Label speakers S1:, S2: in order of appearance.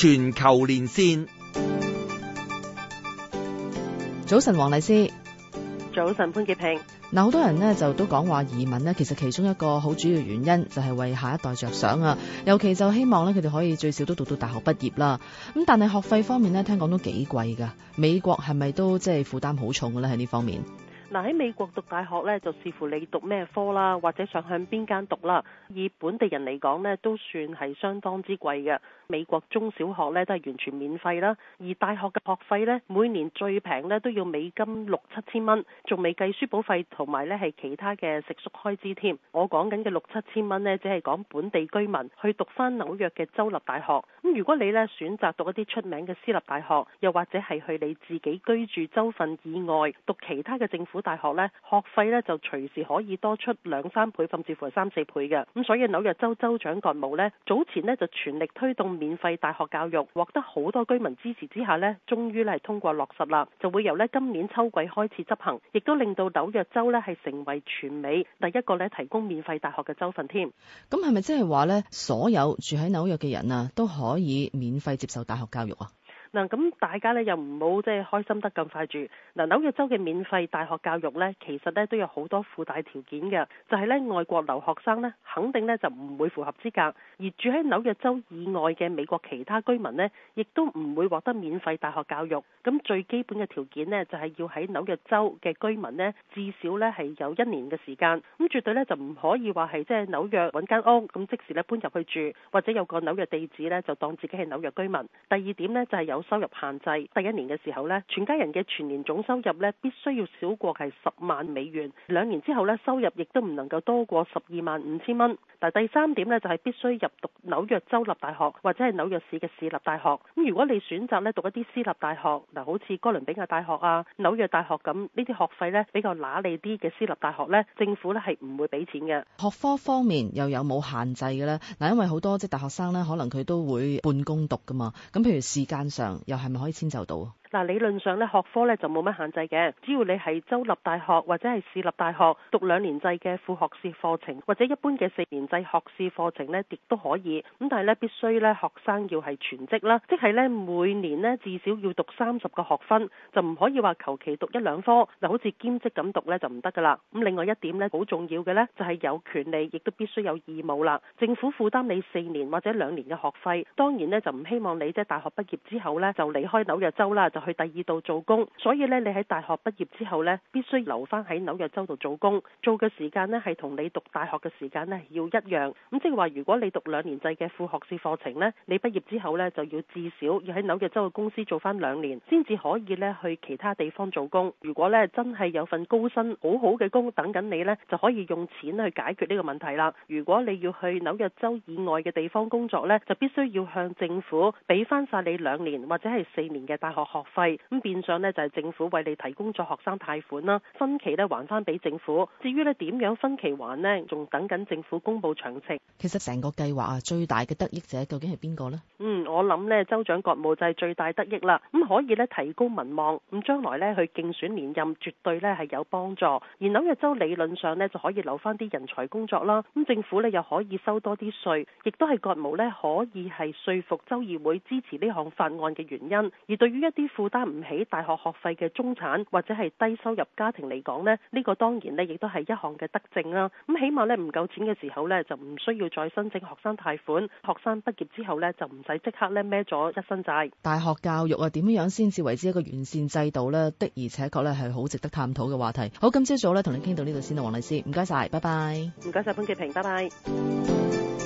S1: 全球連線，早晨黃麗施，麗
S2: 早晨潘潔平。
S1: 嗱，好多人呢就都講話移民呢，其實其中一個好主要原因就係為下一代着想啊。尤其就希望咧，佢哋可以最少都讀到大學畢業啦。咁但係學費方面呢，聽講都幾貴噶。美國係咪都即係負擔好重嘅咧？喺呢方面？
S2: 嗱，喺美國讀大學咧，就視乎你讀咩科啦，或者想向邊間讀啦。以本地人嚟講咧，都算係相當之貴嘅。美國中小學咧都係完全免費啦，而大學嘅學費咧每年最平咧都要美金六七千蚊，仲未計書本費同埋咧係其他嘅食宿開支添。我講緊嘅六七千蚊咧，只係講本地居民去讀翻紐約嘅州立大學。咁如果你咧選擇讀一啲出名嘅私立大學，又或者係去你自己居住州份以外讀其他嘅政府。大學咧，學費咧就隨時可以多出兩三倍，甚至乎係三四倍嘅。咁所以紐約州州長干務咧，早前咧就全力推動免費大學教育，獲得好多居民支持之下呢，終於咧係通過落實啦，就會由咧今年秋季開始執行，亦都令到紐約州咧係成為全美第一個咧提供免費大學嘅州份添。
S1: 咁係咪即係話咧，所有住喺紐約嘅人啊，都可以免費接受大學教育啊？
S2: 嗱，咁大家咧又唔好即係開心得咁快住。嗱，紐約州嘅免費大學教育呢，其實呢都有好多附帶條件嘅，就係呢外國留學生呢肯定呢就唔會符合資格，而住喺紐約州以外嘅美國其他居民呢亦都唔會獲得免費大學教育。咁最基本嘅條件呢，就係要喺紐約州嘅居民呢至少呢係有一年嘅時間，咁絕對呢就唔可以話係即係紐約揾間屋咁即時咧搬入去住，或者有個紐約地址呢就當自己係紐約居民。第二點呢就係由收入限制，第一年嘅時候呢，全家人嘅全年總收入呢必須要少過係十萬美元，兩年之後呢收入亦都唔能夠多過十二萬五千蚊。嗱，第三點呢就係必須入讀紐約州立大學或者係紐約市嘅市立大學。咁如果你選擇呢讀一啲私立大學，嗱，好似哥倫比亞大學啊、紐約大學咁，呢啲學費呢比較拿利啲嘅私立大學呢政府呢係唔會俾錢嘅。
S1: 學科方面又有冇限制嘅咧？嗱，因為好多即係大學生呢可能佢都會半工讀噶嘛。咁譬如時間上。又係咪可以遷就到？
S2: 嗱，理論上咧學科咧就冇乜限制嘅，只要你係州立大學或者係市立大學讀兩年制嘅副學士課程，或者一般嘅四年制學士課程呢，亦都可以。咁但係咧必須咧學生要係全職啦，即係咧每年呢至少要讀三十個學分，就唔可以話求其讀一兩科，嗱好似兼職咁讀咧就唔得噶啦。咁另外一點咧好重要嘅咧就係有權利，亦都必須有義務啦。政府負擔你四年或者兩年嘅學費，當然呢，就唔希望你即係大學畢業之後呢，就離開紐約州啦。去第二度做工，所以咧你喺大學畢業之後咧，必須留翻喺紐約州度做工，做嘅時間咧係同你讀大學嘅時間咧要一樣，咁即係話如果你讀兩年制嘅副學士課程咧，你畢業之後咧就要至少要喺紐約州嘅公司做翻兩年，先至可以咧去其他地方做工。如果咧真係有份高薪好好嘅工等緊你咧，就可以用錢去解決呢個問題啦。如果你要去紐約州以外嘅地方工作咧，就必須要向政府俾翻晒你兩年或者係四年嘅大學學費咁、嗯、變相呢，就係政府為你提供咗學生貸款啦，分期呢還翻俾政府。至於呢點樣分期還呢？仲等緊政府公布詳情。
S1: 其實成個計劃啊，最大嘅得益者究竟係邊個呢？
S2: 嗯，我諗呢，州長葛務就係最大得益啦。咁可以呢，提高民望，咁將來呢，去競選連任絕對呢係有幫助。而紐約州理論上呢，就可以留翻啲人才工作啦。咁政府呢，又可以收多啲稅，亦都係葛務呢，可以係說服州議會支持呢項法案嘅原因。而對於一啲負擔唔起大學學費嘅中產或者係低收入家庭嚟講呢，呢個當然亦都係一項嘅德政啦。咁起碼咧，唔夠錢嘅時候呢，就唔需要再申請學生貸款。學生畢業之後呢，就唔使即刻呢孭咗一身債。
S1: 大學教育啊，點樣先至為之一個完善制度呢？的而且確咧，係好值得探討嘅話題。好，今朝早咧，同你傾到呢度先啦，黃麗施，唔該晒，拜拜。
S2: 唔該晒潘潔平，拜拜。